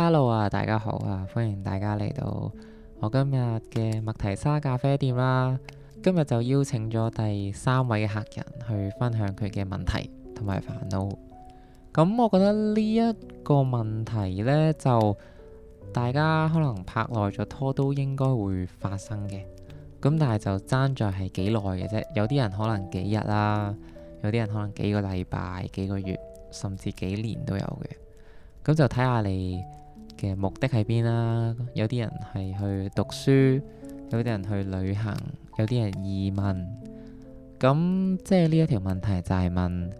Hello 啊，大家好啊，歡迎大家嚟到我今日嘅麥提莎咖啡店啦。今日就邀請咗第三位客人去分享佢嘅問題同埋煩惱。咁我覺得呢一個問題呢，就大家可能拍耐咗拖都應該會發生嘅。咁但係就爭在係幾耐嘅啫，有啲人可能幾日啦，有啲人可能幾個禮拜、幾個月，甚至幾年都有嘅。咁就睇下你。嘅目的喺邊啦？有啲人係去讀書，有啲人去旅行，有啲人移民。咁即係呢一條問題就係問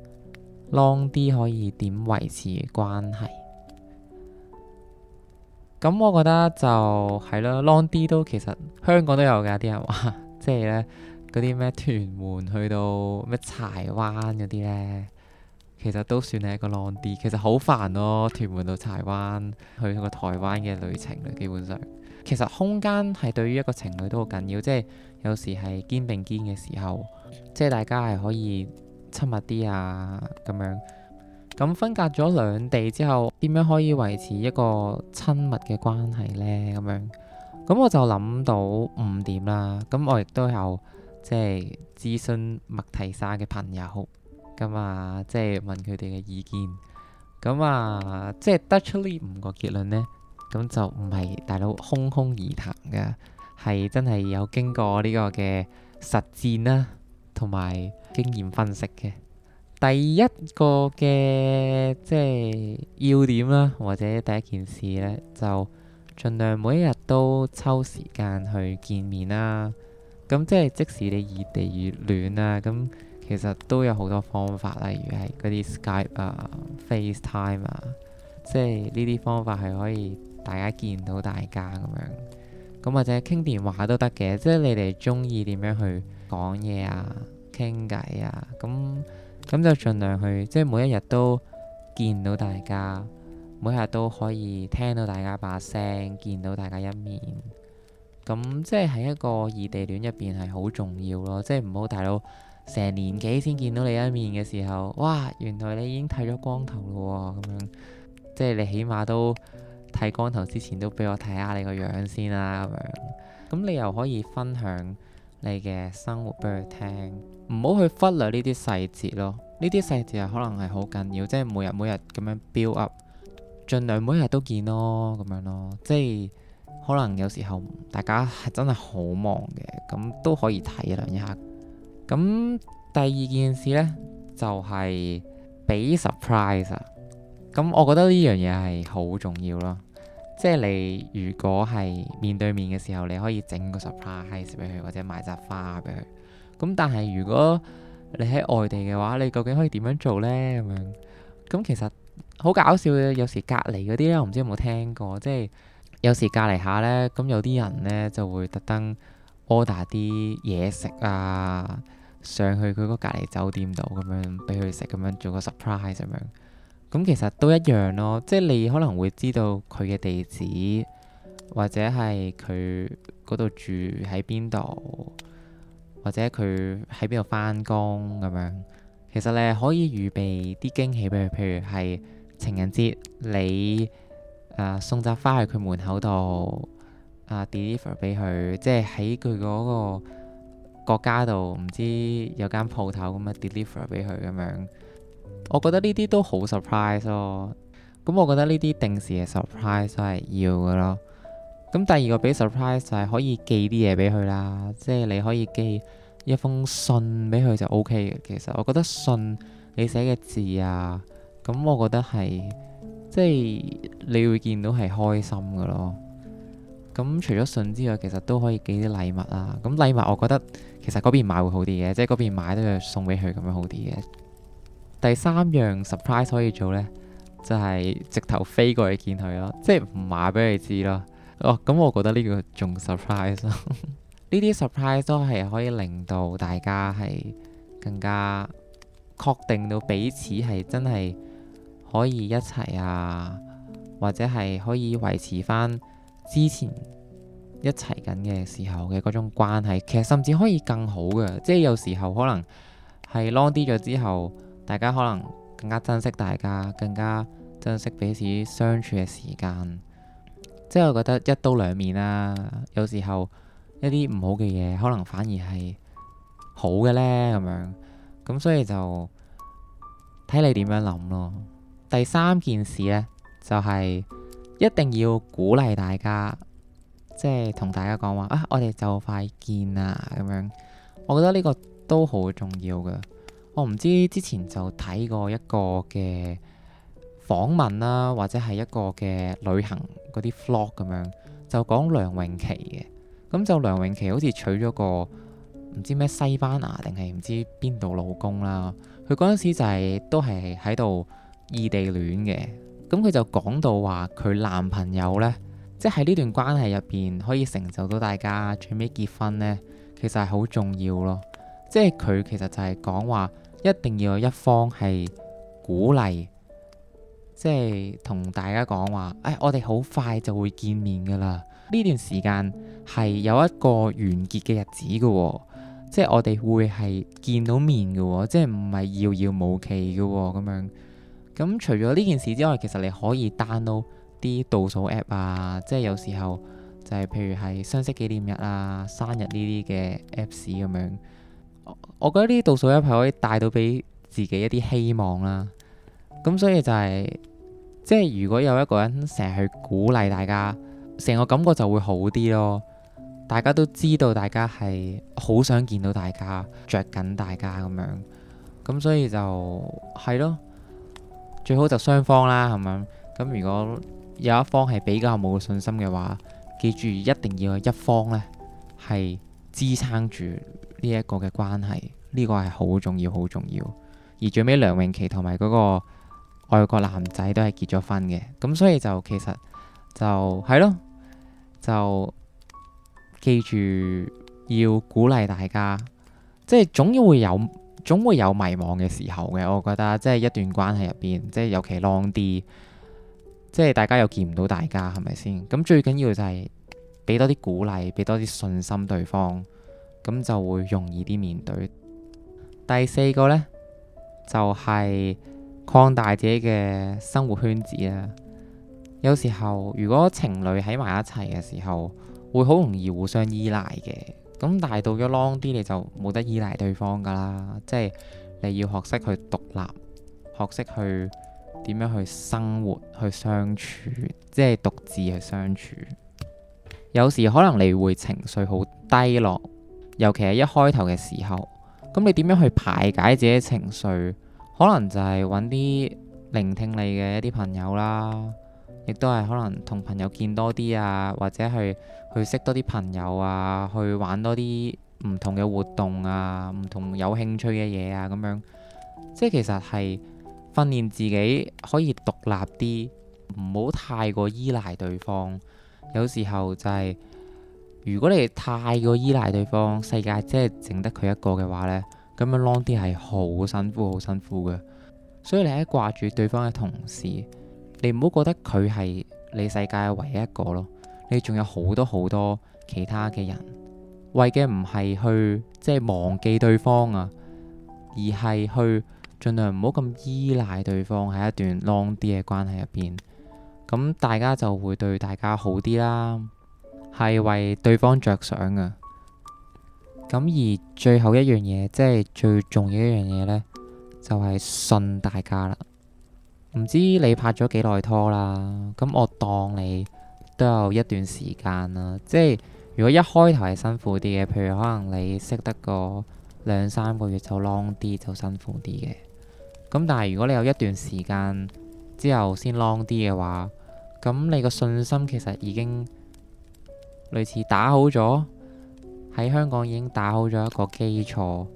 ，Long D 可以點維持關係？咁我覺得就係啦，Long D 都其實香港都有㗎，啲人話即係咧嗰啲咩屯門去到咩柴灣嗰啲咧。其實都算係一個 Long D，其實好煩咯。屯門到柴灣去個台灣嘅旅程咧，基本上其實空間係對於一個情侶都好緊要，即係有時係肩並肩嘅時候，即係大家係可以親密啲啊咁樣。咁分隔咗兩地之後，點樣可以維持一個親密嘅關係呢？咁樣咁我就諗到五點啦。咁我亦都有即係諮詢麥提莎嘅朋友。咁啊，即係問佢哋嘅意見，咁啊，即係得出呢五個結論咧，咁就唔係大佬空空而談㗎，係真係有經過呢個嘅實戰啦，啊，同埋經驗分析嘅。第一個嘅即係要點啦，啊，或者第一件事咧，就盡量每一日都抽時間去見面啦，啊，咁即係即使你異地戀啊，咁。其實都有好多方法，例如係嗰啲 Skype 啊、FaceTime 啊，即係呢啲方法係可以大家見到大家咁樣。咁或者傾電話都得嘅，即係你哋中意點樣去講嘢啊、傾偈啊。咁咁就盡量去，即係每一日都見到大家，每日都可以聽到大家把聲，見到大家一面。咁即係喺一個異地戀入邊係好重要咯，即係唔好大佬。成年幾先見到你一面嘅時候，哇！原來你已經剃咗光頭咯，咁樣，即係你起碼都剃光頭之前都俾我睇下你個樣先啦，咁樣。咁你又可以分享你嘅生活俾佢聽，唔好去忽略呢啲細節咯。呢啲細節啊，可能係好緊要，即係每日每日咁樣 build up，儘量每日都見咯，咁樣咯。即係可能有時候大家係真係好忙嘅，咁都可以體諒一下。咁第二件事呢，就係俾 surprise 啊！咁我覺得呢樣嘢係好重要咯。即係你如果係面對面嘅時候，你可以整個 surprise 喺俾佢，或者買扎花俾佢。咁但係如果你喺外地嘅話，你究竟可以點樣做呢？咁樣咁其實好搞笑嘅。有時隔離嗰啲咧，我唔知有冇聽過？即係有時隔離下呢，咁有啲人呢就會特登 order 啲嘢食啊～上去佢嗰隔離酒店度咁樣俾佢食，咁樣做個 surprise 咁樣，咁其實都一樣咯。即係你可能會知道佢嘅地址，或者係佢嗰度住喺邊度，或者佢喺邊度翻工咁樣。其實你可以預備啲驚喜俾佢，譬如係情人節你、呃、送扎花去佢門口度，啊、呃、deliver 俾佢，即係喺佢嗰個國家度唔知有間鋪頭咁樣 deliver 俾佢咁樣，我覺得呢啲都好 surprise 咯。咁我覺得呢啲定時嘅 surprise 都係要嘅咯。咁第二個俾 surprise 就係可以寄啲嘢俾佢啦，即係你可以寄一封信俾佢就 OK 嘅。其實我覺得信你寫嘅字啊，咁我覺得係即係你會見到係開心嘅咯。咁除咗信之外，其實都可以寄啲禮物啊！咁禮物我覺得其實嗰邊買會好啲嘅，即係嗰邊買都要送俾佢咁樣好啲嘅。第三樣 surprise 可以做呢，就係直頭飛過去見佢咯，即係唔話俾佢知咯。哦，咁我覺得呢個仲 surprise 咯。呢啲 surprise 都係可以令到大家係更加確定到彼此係真係可以一齊啊，或者係可以維持返。之前一齊緊嘅時候嘅嗰種關係，其實甚至可以更好嘅，即係有時候可能係 long D 咗之後，大家可能更加珍惜大家，更加珍惜彼此相處嘅時間。即係我覺得一刀兩面啦，啊，有時候一啲唔好嘅嘢，可能反而係好嘅呢。咁樣咁，所以就睇你點樣諗咯。第三件事呢，就係、是。一定要鼓勵大家，即係同大家講話啊！我哋就快見喇！咁樣，我覺得呢個都好重要㗎。我唔知之前就睇過一個嘅訪問啦，或者係一個嘅旅行嗰啲 vlog 咁樣，就講梁詠琪嘅。咁就梁詠琪好似娶咗個唔知咩西班牙定係唔知邊度老公啦。佢嗰陣時就係、是、都係喺度異地戀嘅。咁佢就講到話佢男朋友呢，即係喺呢段關係入邊可以成就到大家最尾結婚呢，其實係好重要咯。即係佢其實就係講話，一定要有一方係鼓勵，即係同大家講話，誒、哎、我哋好快就會見面㗎喇。呢段時間係有一個完結嘅日子㗎、哦，即係我哋會係見到面㗎、哦，即係唔係遙遙無期㗎咁樣。咁除咗呢件事之外，其實你可以 download 啲倒數 app 啊，即係有時候就係譬如係相識紀念日啊、生日呢啲嘅 app 市咁樣。我我覺得呢啲倒數 app 係可以帶到俾自己一啲希望啦。咁所以就係，即係如果有一個人成日去鼓勵大家，成個感覺就會好啲咯。大家都知道，大家係好想見到大家着緊大家咁樣，咁所以就係咯。最好就雙方啦，係咪？咁如果有一方係比較冇信心嘅話，記住一定要有一方咧係支撐住呢一個嘅關係，呢、這個係好重要、好重要。而最尾梁詠琪同埋嗰個外國男仔都係結咗婚嘅，咁所以就其實就係咯，就，就記住要鼓勵大家，即係總要會有。總會有迷茫嘅時候嘅，我覺得即係一段關係入邊，即係尤其 long 啲，即係大家又見唔到大家，係咪先？咁最緊要就係俾多啲鼓勵，俾多啲信心對方，咁就會容易啲面對。第四個呢，就係擴大自己嘅生活圈子啊！有時候如果情侶喺埋一齊嘅時候，會好容易互相依賴嘅。咁但係到咗 Long D，你就冇得依賴對方噶啦，即係你要學識去獨立，學識去點樣去生活，去相處，即係獨自去相處。有時可能你會情緒好低落，尤其係一開頭嘅時候，咁你點樣去排解自己情緒？可能就係揾啲聆聽你嘅一啲朋友啦。亦都係可能同朋友見多啲啊，或者去去識多啲朋友啊，去玩多啲唔同嘅活動啊，唔同有興趣嘅嘢啊咁樣，即係其實係訓練自己可以獨立啲，唔好太過依賴對方。有時候就係、是、如果你太過依賴對方，世界即係淨得佢一個嘅話咧，咁樣 Long D 係好辛苦、好辛苦嘅。所以你喺掛住對方嘅同時，你唔好覺得佢係你世界唯一一個咯，你仲有好多好多其他嘅人，為嘅唔係去即係忘記對方啊，而係去盡量唔好咁依賴對方喺一段 Long 啲嘅關係入邊，咁大家就會對大家好啲啦，係為對方着想嘅。咁而最後一樣嘢，即係最重要一樣嘢咧，就係信大家啦。唔知你拍咗幾耐拖啦，咁我當你都有一段時間啦，即係如果一開頭係辛苦啲嘅，譬如可能你識得個兩三個月就 long 啲就辛苦啲嘅，咁但係如果你有一段時間之後先 long 啲嘅話，咁你個信心其實已經類似打好咗喺香港已經打好咗一個基礎，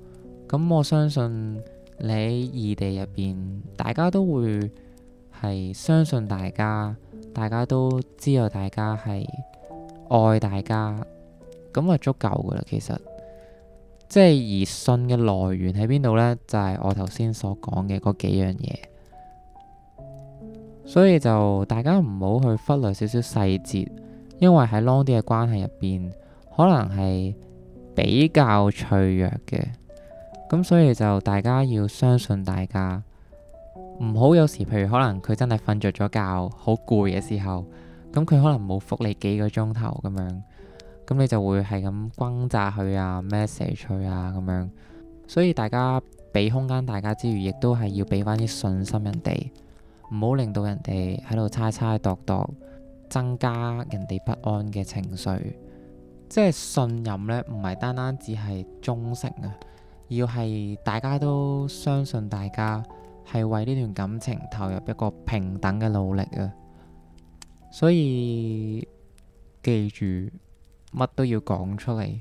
咁我相信你喺異地入邊，大家都會。係相信大家，大家都知道，大家係愛大家，咁啊，足夠噶啦。其實即係而信嘅來源喺邊度呢？就係、是、我頭先所講嘅嗰幾樣嘢，所以就大家唔好去忽略少少細節，因為喺 Long D 嘅關係入邊，可能係比較脆弱嘅，咁所以就大家要相信大家。唔好，有時譬如可能佢真係瞓着咗，覺好攰嘅時候，咁佢可能冇覆你幾個鐘頭咁樣，咁你就會係咁轟炸佢啊，message 佢啊咁樣。所以大家俾空間大家之餘，亦都係要俾翻啲信心人哋，唔好令到人哋喺度猜猜度度，增加人哋不安嘅情緒。即係信任咧，唔係單單只係忠誠啊，要係大家都相信大家。係為呢段感情投入一個平等嘅努力啊！所以記住，乜都要講出嚟，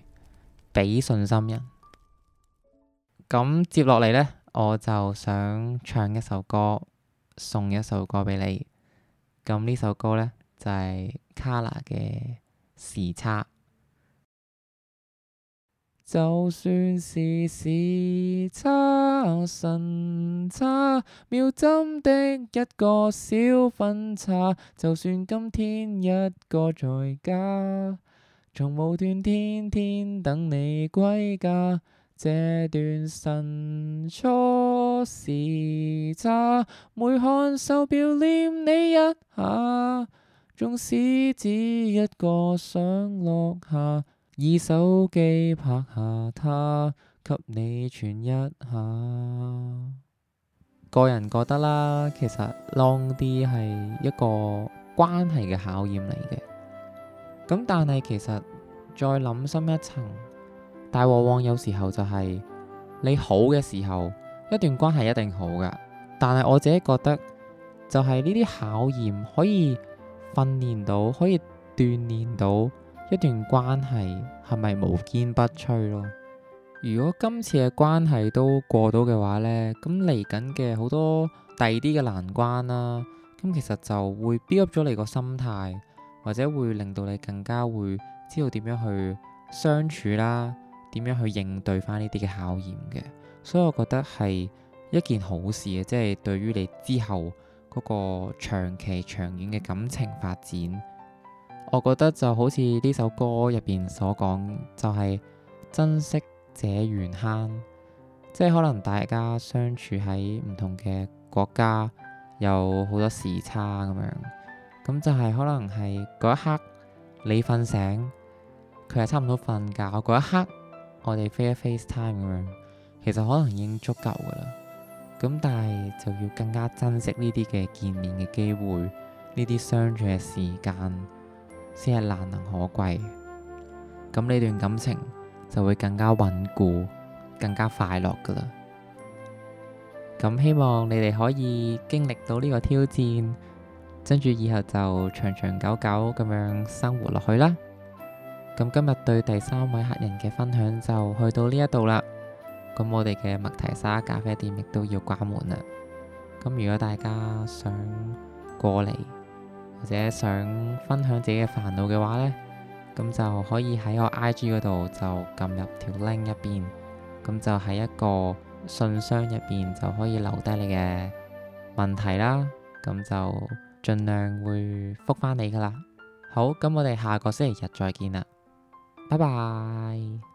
俾信心人。咁接落嚟呢，我就想唱一首歌，送一首歌俾你。咁呢首歌呢，就係卡 a l a 嘅《時差》。就算是時差。哦、神差秒針的一個小分岔，就算今天一個在家，從無斷天天等你歸家。這段神錯時差，每看手錶念你一下，縱使只一個想落下，以手機拍下它。給你傳一下，個人覺得啦，其實 long 啲係一個關係嘅考驗嚟嘅。咁但係其實再諗深一層，大往往有時候就係、是、你好嘅時候，一段關係一定好噶。但係我自己覺得，就係呢啲考驗可以訓練到，可以鍛煉到一段關係係咪無堅不摧咯。如果今次嘅關係都過到嘅話呢，咁嚟緊嘅好多第二啲嘅難關啦，咁其實就會 build up 咗你個心態，或者會令到你更加會知道點樣去相處啦，點樣去應對翻呢啲嘅考驗嘅。所以我覺得係一件好事嘅，即係對於你之後嗰個長期長遠嘅感情發展，我覺得就好似呢首歌入邊所講，就係珍惜。這遠坑，即係可能大家相處喺唔同嘅國家，有好多時差咁樣，咁就係可能係嗰一刻你瞓醒，佢係差唔多瞓覺嗰一刻，我哋飛一 FaceTime 咁樣，其實可能已經足夠噶啦。咁但係就要更加珍惜呢啲嘅見面嘅機會，呢啲相處嘅時間，先係難能可貴。咁呢段感情，就會更加穩固，更加快樂噶啦。咁希望你哋可以經歷到呢個挑戰，跟住以後就長長久久咁樣生活落去啦。咁今日對第三位客人嘅分享就去到呢一度啦。咁我哋嘅麥提莎咖啡店亦都要關門啦。咁如果大家想過嚟，或者想分享自己嘅煩惱嘅話呢，咁就可以喺我 IG 嗰度就撳入條 link 入邊，咁就喺一個信箱入邊就可以留低你嘅問題啦，咁就盡量會覆返你㗎喇。好，咁我哋下個星期日再見啦，拜拜。